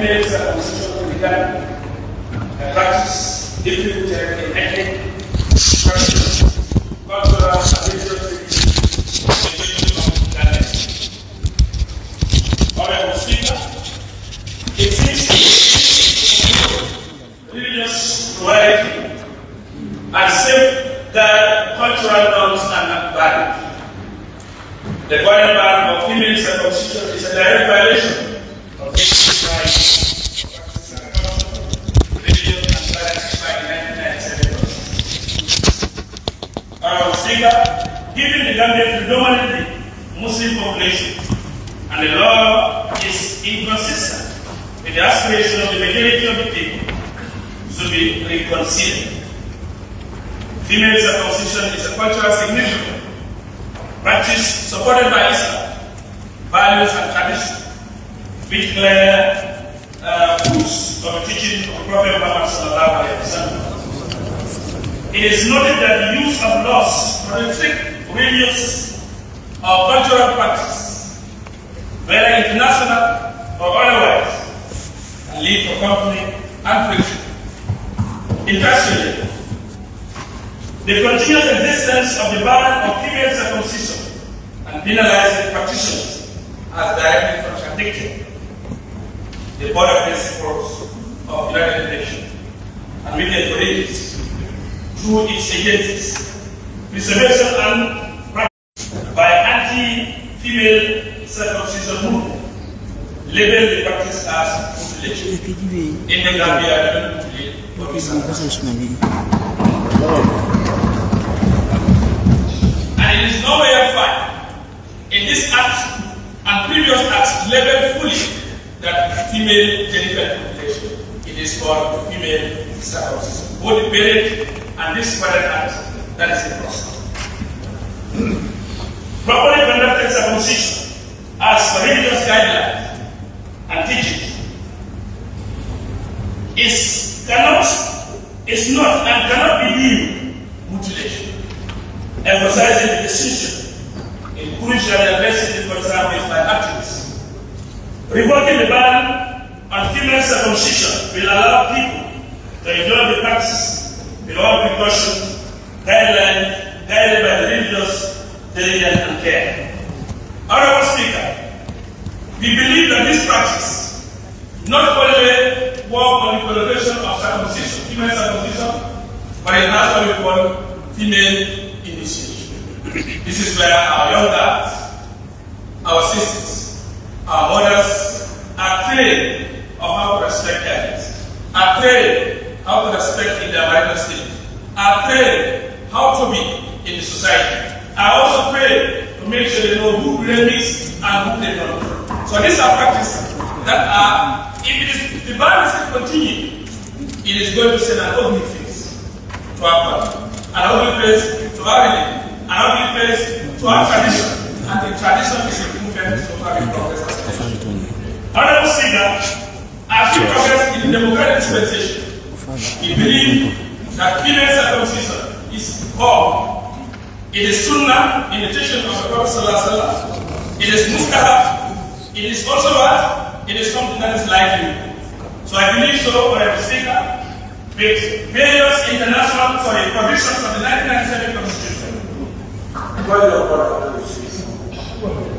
females are constitutional with that uh, practice, different uh, cultural and different religions, norms are not valid. The going back of female circumcision is a direct violation of this given the Gambia predominantly Muslim population and the law is inconsistent with the aspiration of the majority of the people to be reconciled, Female circumcision is a cultural significant practice supported by Islam, values and tradition, which declare uh, proofs of the teaching of Prophet Muhammad sallallahu alaihi wasallam. It is noted that the use of laws, politic, religious, or cultural practice, whether international or otherwise, can lead to conflict and friction. Industrially, the continuous existence of the ban of female circumcision and penalizing practitioners as directly contradicted the board of principals of United Nations, and with their colleagues through its agencies, preservation and practice by anti-female circumcision movement, label the practice as privilege. In the Gambia, and it is nowhere found in this act and previous acts labeled fully that female genital mutilation. It is for female circumcision. Both the parent and this parent act, that is a process. Properly conducted circumcision as per religious guidelines and teachings is cannot is not and cannot be viewed mutilation, emphasizing the decision in crucial and for example, is by activists Revoking the ban on female circumcision will allow people to enjoy the practice all precaution, guideline, guided by the religious, diligence, and care. Honorable Speaker, we believe that this practice not only work on the connotation of circumcision, female circumcision, but it has we call female initiation. This is where our young girls, our sisters, our mothers are trained of how to respect parents, are trained how to respect in the marital state, are trained how to be in the society, I also pray to make sure they know who they mix and who they don't. So these are practices that are, if is, the violence says continue, it is going to send an ugly face to our country, an ugly face to our religion, an ugly face to our tradition, and the tradition is progress I don't see that. I see progress in democratic dispensation. We believe that female circumcision is core. It is sunnah in the teaching of the Prophet Sallallahu It is mustahab. It is also what? It is something that is likely. So I believe so, but I will that with various international, sorry, provisions of the 1997 Constitution.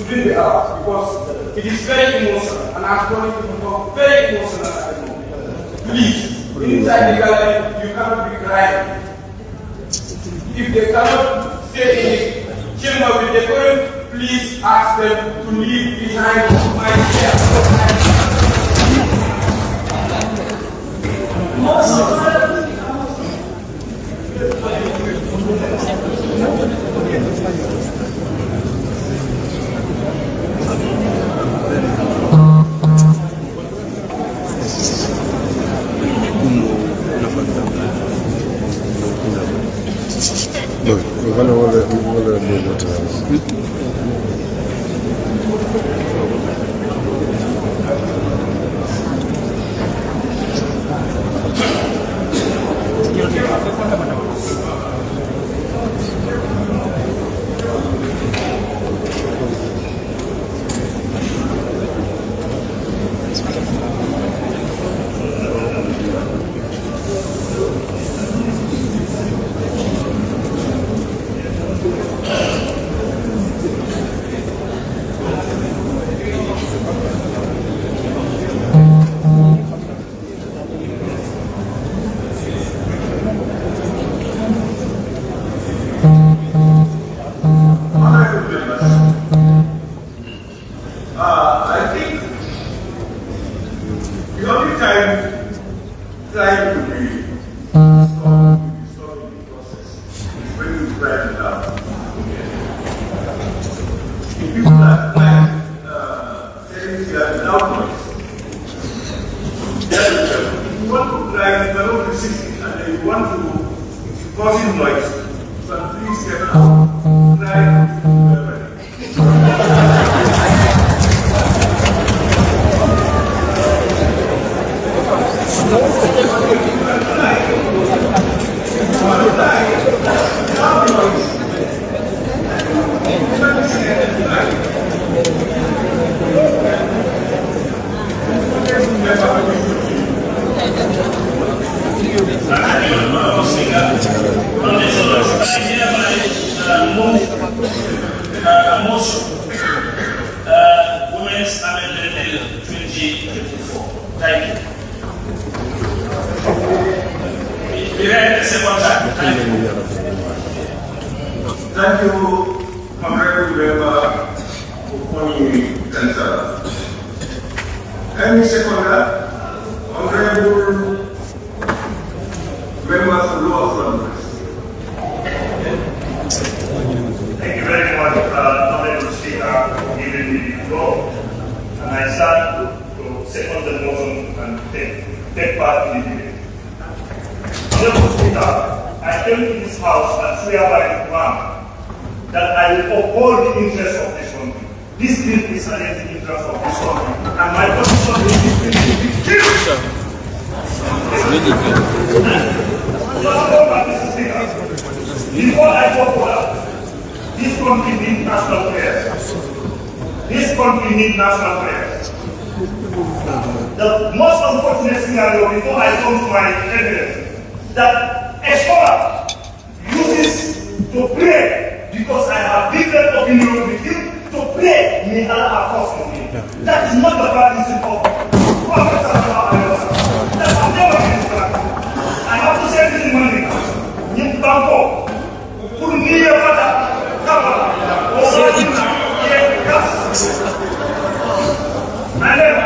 to bring the out because it is very emotional and I'm calling people very emotional at the moment. Please, inside the gallery, you cannot be crying. If they cannot stay in the chamber with the current, please ask them to leave behind my chair. Look, we're going to order, we're going to do what I came to this House and swear by Islam that I will uphold the interests of this country. This bill is against the interests of this country, and my position is this bill to be killed. Before I go forward, this country needs national prayer. This country needs national prayer. The most unfortunate scenario before I come to my evidence that a scholar uses to pray because I have different opinions with you to pray may Allah have force me. Yeah. That is not the baptism of Prophet That I've never been I have to say this morning. Nim Bangko, Kurniya Fata, Kaba, Osadina, Yekas. I never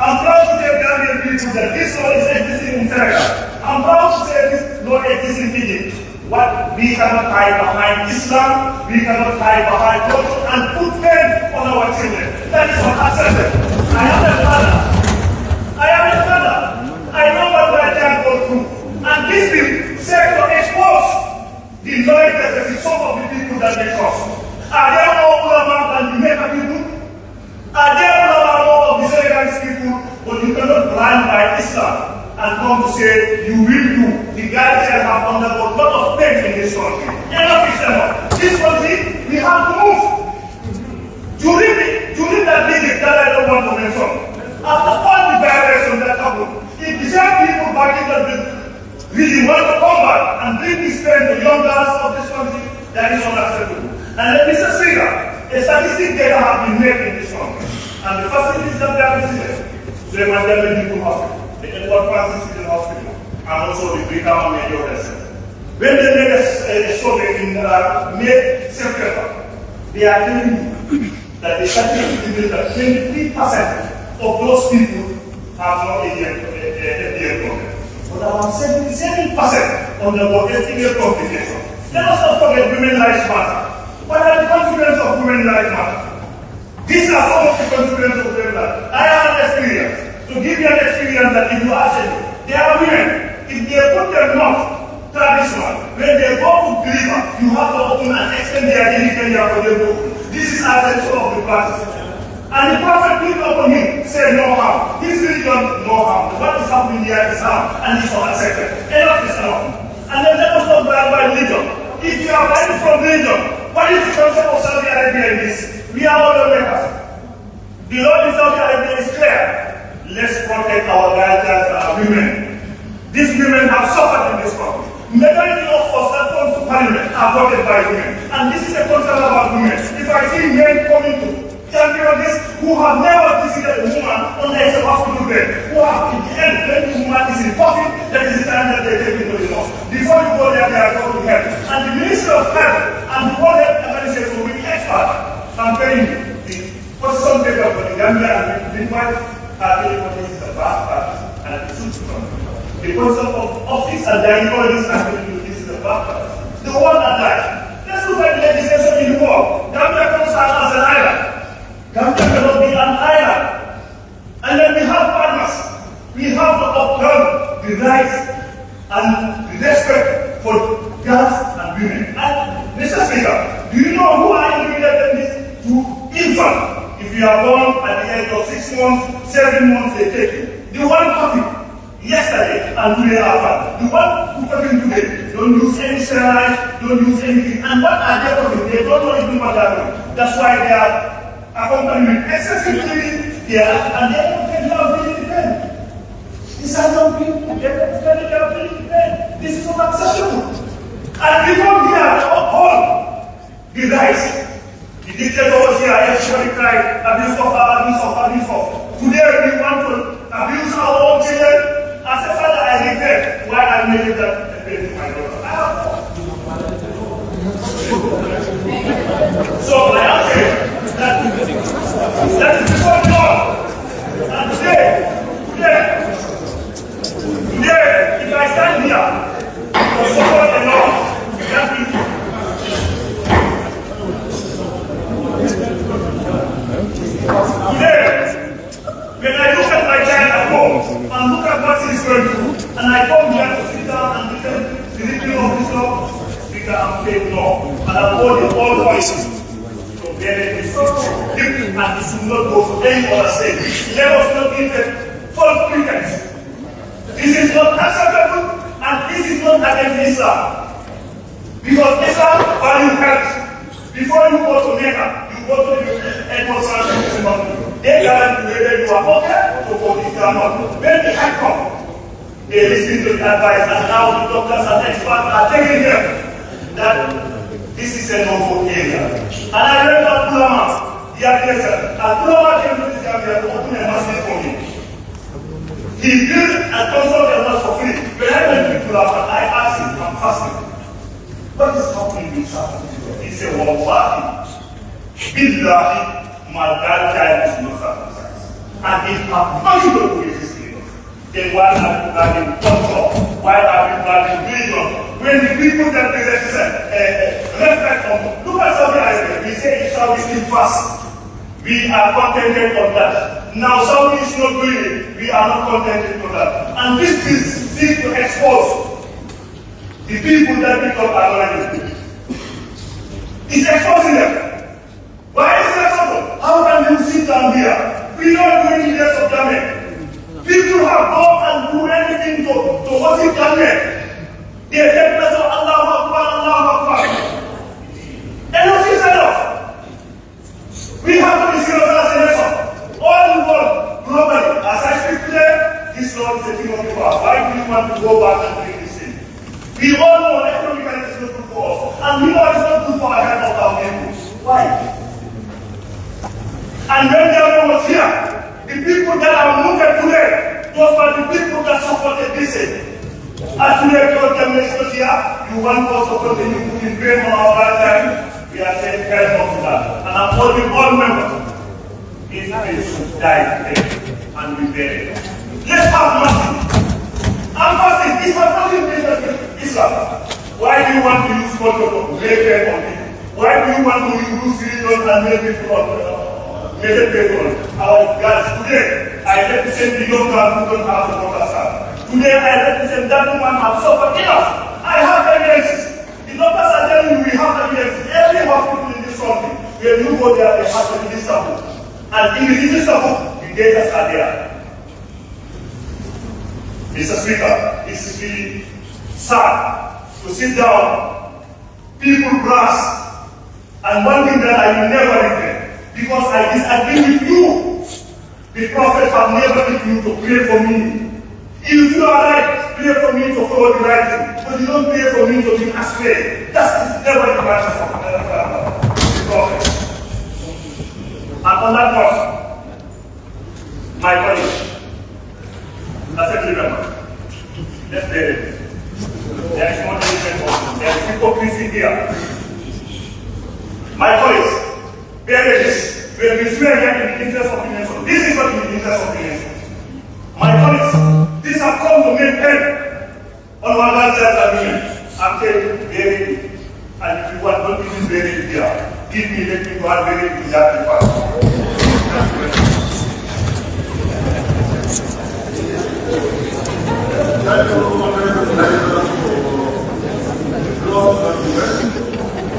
I'm proud to say Gambian people that this law is existing in Senegal. I'm proud to say this law exists in Egypt. What we cannot hide behind Islam, we cannot hide behind God, and put them on our children. That is unacceptable. I am a father. I am a father. I know what my child go through. And this will serve to expose the loyalty of some of the people that they trust. Are there more ulama than the mega people? Are there not more of the people but you cannot blind by Islam and come to say, you will do? The guy here have undergone a lot of pain in this country. Enough is enough. This country, we have to move. During, the, during that meeting that I don't want to mention, after all the violence that happened, if the same people that the really want to come back and bring this pain to young girls of this country, that is unacceptable. And let me say that. The statistic data have been made in this country. And the facilities that they are visited, the Mandela Medical Hospital, the Edward Francis Medical Hospital, and also the Greater Major Center. When they made a, a survey in uh, May, September, they are telling you that the statistic reveals that 23% of those people have not a FDA problem. But about 77% undergo FDA complications. Let us not forget women rights matter. What are the consequences of women life matter? These are some of the consequences of women life. I have an experience. To give you an experience that if you ask them, they are women. If they put their mouth traditional, when they go to believer, you have to open and extend their independence for their book. This is as a show of the past. And the prophet looked upon him, said, No harm. This religion, no harm. What is happening here is harm, and it's not accepted. Enough is enough. And then let us not brag by religion. If you are buying from religion, We are all members. The Lord is in Saudi Arabia is clear. Let's protect our daughters, our uh, women. These women have suffered in this country. Majority of us that come to parliament are voted by women. And this is a concern about women. If I see men coming to terrorists who have never visited a woman unless a hospital bed, who have in the end when the woman is in profit, that is the time that they take into the law. Before you go there, they are going to help. And the Ministry of Health and the World Health Organization will be expert I'm campaign for some data for the Gambia and meanwhile having is the uh, backpack uh, and the system. The concept of office and the economics and the is the backpack. Uh, the one that died. Let's look at the legislation in the war. Gambia comes out as an island. Gambia cannot be an island. And then we have partners. We have to uphold the rights and the respect for girls and women. seven months they take. The one caught yesterday and today after. The one who caught it today don't use any steroids, don't use anything. And what are they caught They don't know anything about that. That's why they are accompanying excessively there and they don't take care of the pain. These are young people. They don't take care of the pain. This is unacceptable. And people here all the guys. The dictators here, everybody cry, abuse of abuse of abuse of. Today we want to abuse our own children. I said, Father, I regret why I made that to my daughter. I so I ask you that is before God. And today, today, today, if I stand here, Amor é Paulo faz isso. Mas isso não gosto, tem uma série. Lemos não dizem, false pretense. This is not acceptable and this is not against Islam. Because Islam value health. Before you go to Mecca, you go to the Edward Sands Mountain. They guarantee whether you are okay to go to Islam or not. When the head comes, they listen to the advice and now the doctors and experts are taking them. That This is a no-go area. And I read that Ulama, the address, that Ulama came to this area to open a massive for me. He built and constructed a mosque for free. When I went to Ulama, I asked him, I'm fasting. What is happening in South Africa? He said, "What Wallahi, Billahi, my dad child is not circumcised. And they have nothing to do with his name. Then why are you guarding culture? Why are you guarding religion? when the people that they represent uh, eh, left right on look at Saudi Arabia we say it's Saudi still fast we are contented on that now Saudi is not doing it we are not contented on that and this is seek to expose the people that become anonymous it's exposing them why is that so how can you sit down here we don't do any less of damage people have gone and do anything to to done damage. They attempt us Allahu Akbar, Allahu Akbar. Enough is enough. We have to discuss as All the world, globally, as I speak today, this Lord is a king of world. Why do you want to go back and do the same? We all know economically is not good for And we know it's not good for our health of our Why? And when the other was here, the people that are moving today, was were the people that the disease. As you have told them next you want us to continue in pray for our time. We are saying first of that. And I'm calling all members. This place should die today and be buried. Let's have mercy. I'm fasting. This has nothing to do Islam. Why do you want to use photo to make them on people? Why do you want to use videos and make it on Make it people. Our guys today, I represent the young people who don't have Today I represent that woman have suffered enough. I have evidences. The doctors are telling me we have evidences. Every hospital in this country, when you go there, they have a religious And in the religious the dangers are there. Mr. Speaker, this is really sad to sit down, people brass, and one thing that I will never regret, because I disagree with you. The prophet have never been you to pray for me if you are right, pray for me to follow the right thing. But you don't pray for me to be astray. That's never the matter of the prophet. And on that note, my colleague, I said remember, let's play it. There is one for There is hypocrisy here. My colleagues, bear this. We are here in the interest of the nation. This is not in the interest of the nation. My colleagues, these have come to make help. All of us said to me, I'm saying, bury me. And if you want, don't be buried here. Give me, let me go and bury me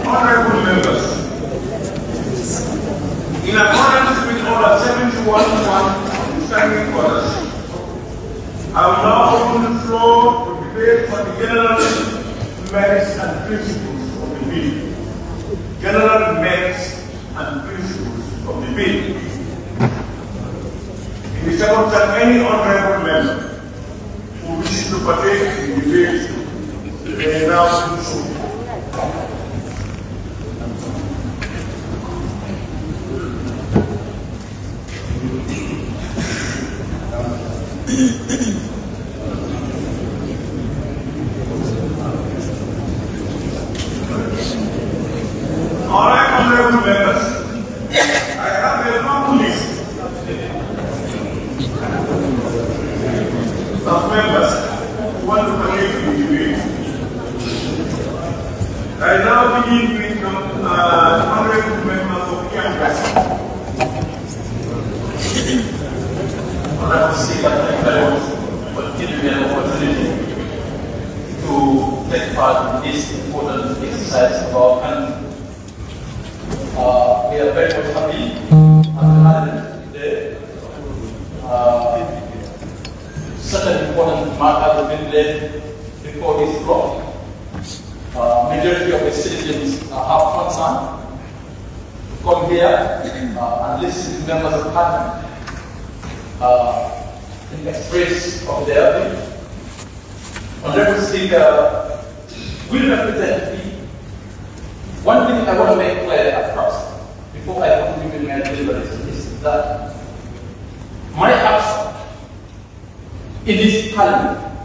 Honorable members, in accordance with Order 721 of the Standing I will now open the floor for debate for the general merits and principles of the bill. General merits and principles of the bill. It is about that any honorable member who wishes to partake in the debate may now do so. Thank you. grace of the On Honorable Speaker, we represent me. One thing I want to make clear at first, before I conclude my deliverance, is that my absence in this parliament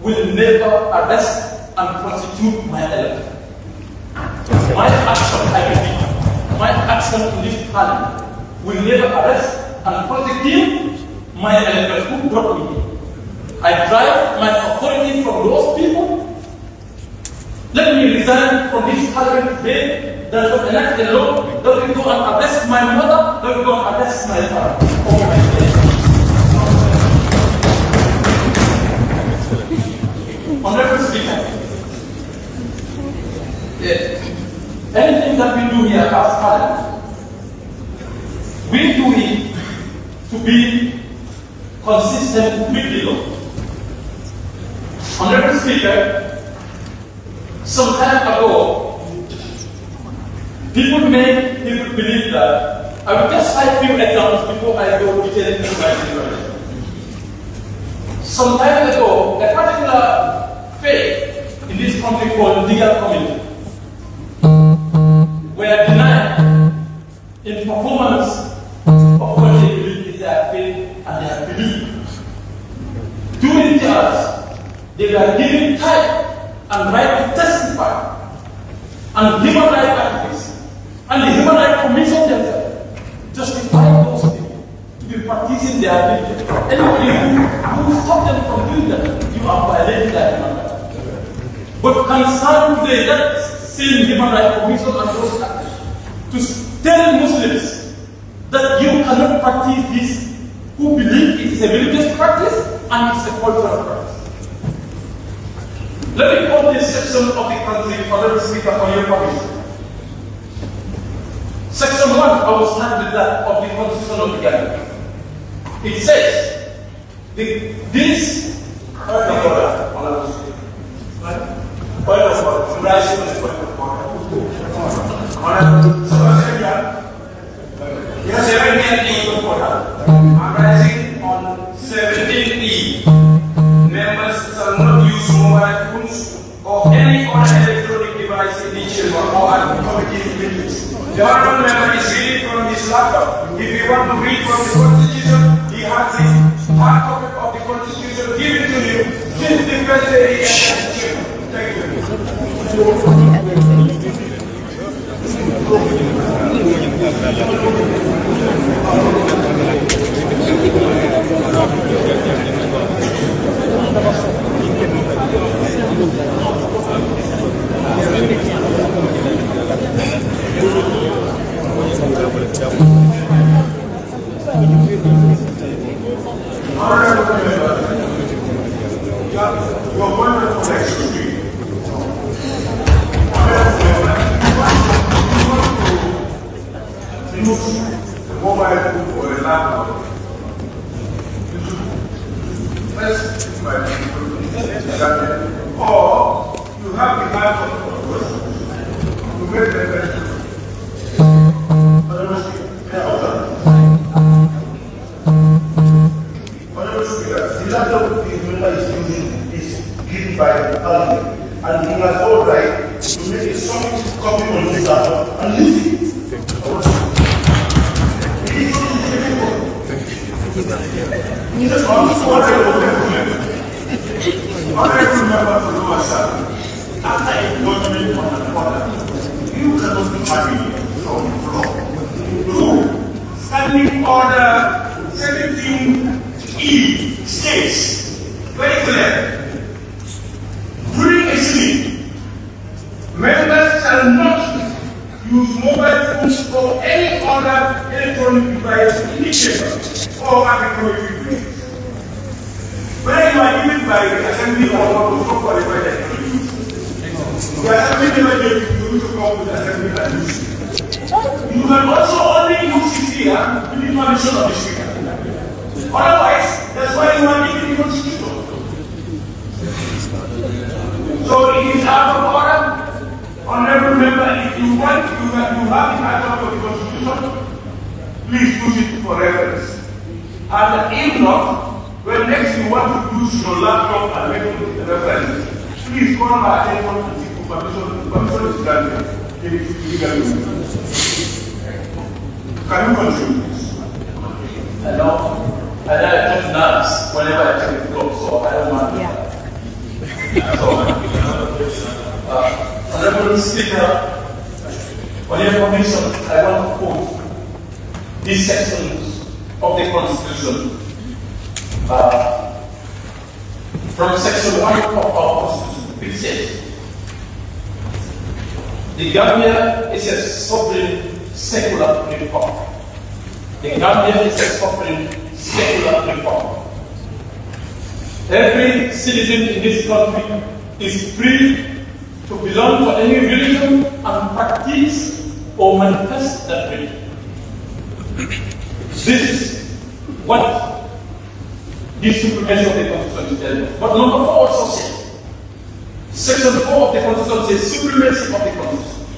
will never arrest and prosecute my election. My action, I repeat, my action in this parliament will never arrest and prosecute my Al-Kashkuk uh, brought me I drive my authority from those people. Let me resign from this husband today that will enact a law that will go and arrest my mother, that will go and arrest my father. Oh my Honorable Speaker, yes. anything that we do here as parents, we do it to be consistent with the law. Honorable Speaker, some time ago, people made people believe that. I will just cite few examples before I go detailing into my theory. Some time ago, a particular faith in this country called legal community were denied in performance of what they believe is their faith and their belief believers, they were given time and right to testify, and human right activists, and the human rights commission themselves justify those people to be practicing their religion. Anybody who, who stop them from doing that, you are violating their human But concern today, that same human rights commission and those activists, to tell Muslims that you cannot practice this who believe it is a religious practice and it's a cultural prize. Let me quote this section of the country for the speaker for your purpose. Section 1, I was not with that of the Constitution of Ghana. It says, the, this, Yes, mobile phones, or any other electronic device in chamber or committee meetings. The honorable member is reading from his laptop. If you want to read from the Constitution, he has his hard copy of the Constitution given to him since the first day all the remember, is using is given by the And he has all right to make a solid copy on this album and use it. Thank you. Thank you. Just honorable members, honorable members of Noah Sabbath, after engagement on the father, you cannot be married from the floor. Two, standing order 17E states very clear during a sitting, members shall not use mobile phones or any other electronic device in the chamber or at the committee. When you are given by the assembly or not, not qualified as the assembly never gave you to come with assembly and use You can also only use it here with the permission of the speaker. Otherwise, that's why you are taking the mosquito. So if it is out of order. Honorable member, if you want, you have, you have it out of the constitution. Please use it for reference. And if not, when next you want to use your laptop and make it reference, please call my attention to seek permission. Permission is granted. It is legal. Can you continue? Hello. I got nerves whenever I take the floor, so I don't want to. Yeah. so, uh, Honorable Speaker, on your permission, I want to quote these sections of the Constitution. Uh, from section 1 of our Constitution, which says, the Gambia is a sovereign secular republic. The Gambia is a sovereign secular reform. Every citizen in this country is free to belong to any religion and practice or manifest that religion. This is what this implementation of the Constitution tells us. But number four also says, Section 4 of the Constitution says, supremacy of the Constitution.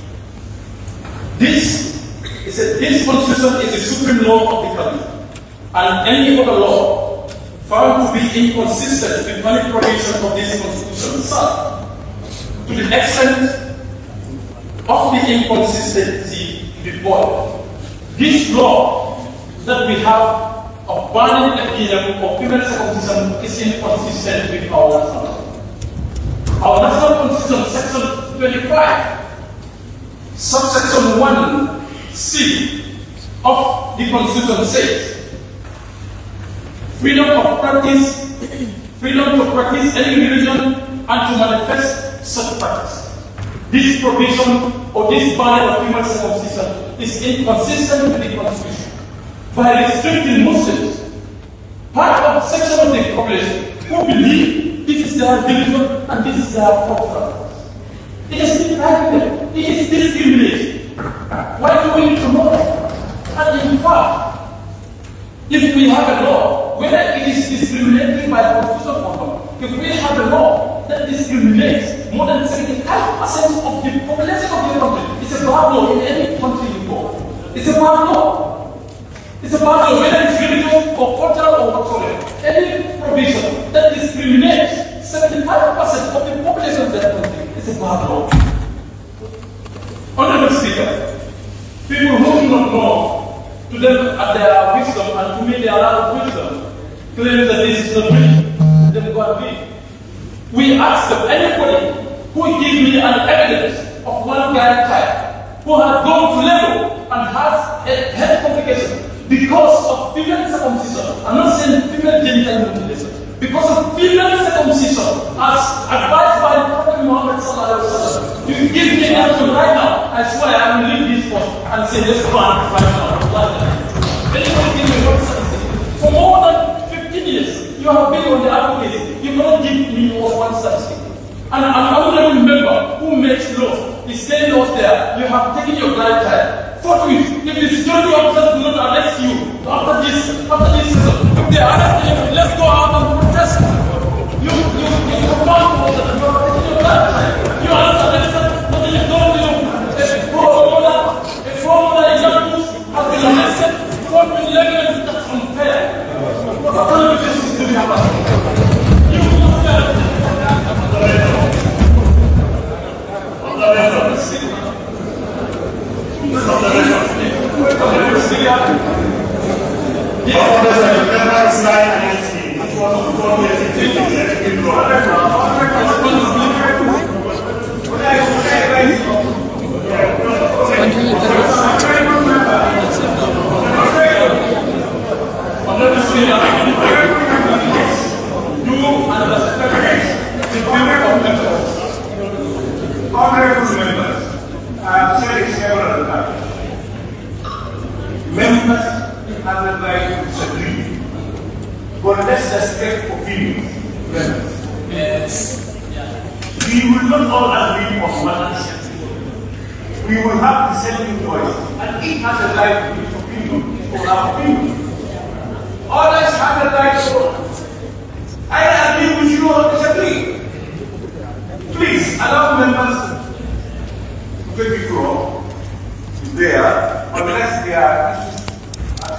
This, it says, this Constitution is the supreme law of the country and any other law found to be inconsistent with any provision of this Constitution itself. To the extent of the inconsistency before this law that we have a burning opinion of women's constitution is inconsistent with our national. Our national constitution, section 25, subsection 1c of the constitution says freedom of practice, freedom to practice any religion and to manifest such practice. This provision or this ban of female circumcision is inconsistent with the Constitution. By restricting Muslims, part of section of the population who believe this is their religion and this is their practice. It is depriving It is discrimination. Why do we need to know? And in fact, if we have a law, whether it is discriminating by the constitution or not, if we have a law that discriminates more than 75% of the population of the country, it's a bad law in any country you go. It's a bad law. It's a bad law, whether it's religious or cultural or whatsoever. Any provision that discriminates 75% of the to them at their wisdom and to me their lack of wisdom, claims that this is not me, then God be. We ask them, anybody who gives me an evidence of one guy child who has gone to level and has a health complication because of female circumcision, I'm not saying female genital mutilation, because of female circumcision, as advised by Prophet Muhammad Sallallahu You give me an answer right now. I swear I will leave this post and say, this us right now. Anybody give me one statistic? For more than 15 years, you have been on the advocate. You cannot give me one statistic. And an honorary member who makes laws is saying laws there, you have taken your blind Fuck Forthwith, if the security officers do not arrest you after this, after this they arrest you, let's go out and disagree. But let's respect Yes. We will not all agree on matters. We will have the same voice. And each has a right to his opinion or our opinion. Others have a right to I agree with you or disagree. Please allow members to take the floor there unless they are